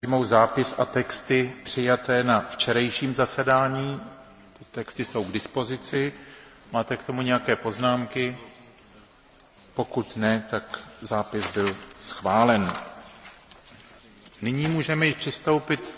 Přijmou zápis a texty přijaté na včerejším zasedání. Ty texty jsou k dispozici. Máte k tomu nějaké poznámky? Pokud ne, tak zápis byl schválen. Nyní můžeme již přistoupit